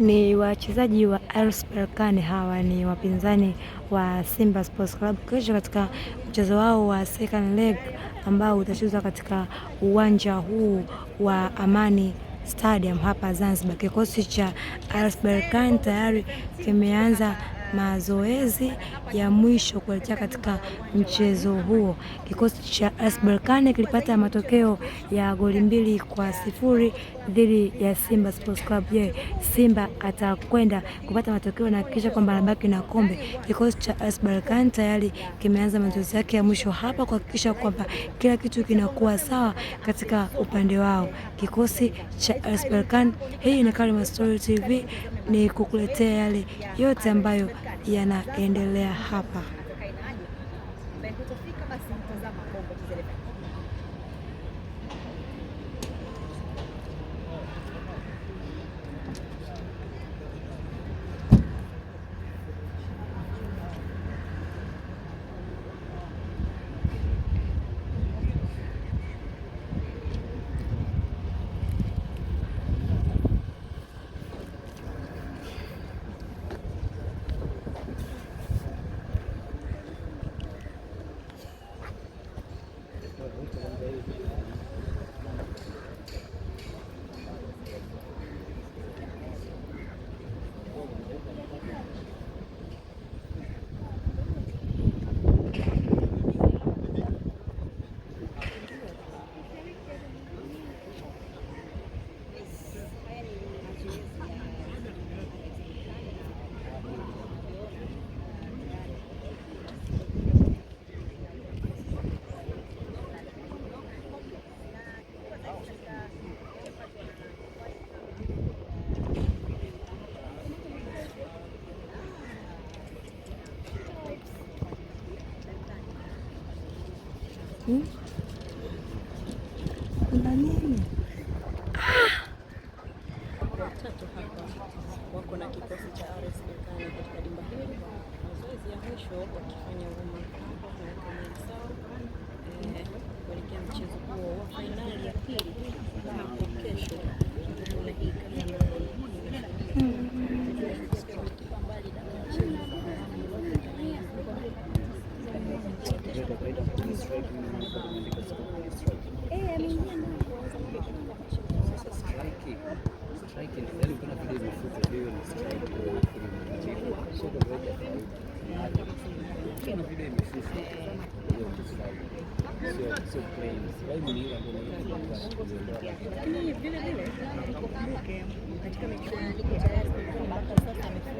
ni wachezaji wa RS Berkane, hawa ni wapinzani wa Simba Sports Club kesho katika mchezo wao wa second leg ambao utachezwa katika uwanja huu wa Amani Stadium hapa Zanzibar. Kikosi cha RS Berkane tayari kimeanza mazoezi ya mwisho kuelekea katika mchezo huo. Kikosi cha AS Berkane kilipata matokeo ya goli mbili kwa sifuri dhidi ya Simba Sports Club. Je, Simba atakwenda kupata matokeo na hakikisha kwamba anabaki na kombe? Kikosi cha AS Berkane tayari kimeanza mazoezi yake ya mwisho hapa kuhakikisha kwamba kila kitu kinakuwa sawa katika upande wao. Kikosi cha AS Berkane, hii ni Karima Story TV, ni kukuletea yale yote ambayo yanaendelea hapa. Hmm? Kuna nini? Watatu ah! hapa wako na kikosi cha RS Berkane katika dimba hili, mazoezi ya mwisho wakifanya umma sawa Lakini vile vile nikumbuke katika michuano niko tayari mpaka sasa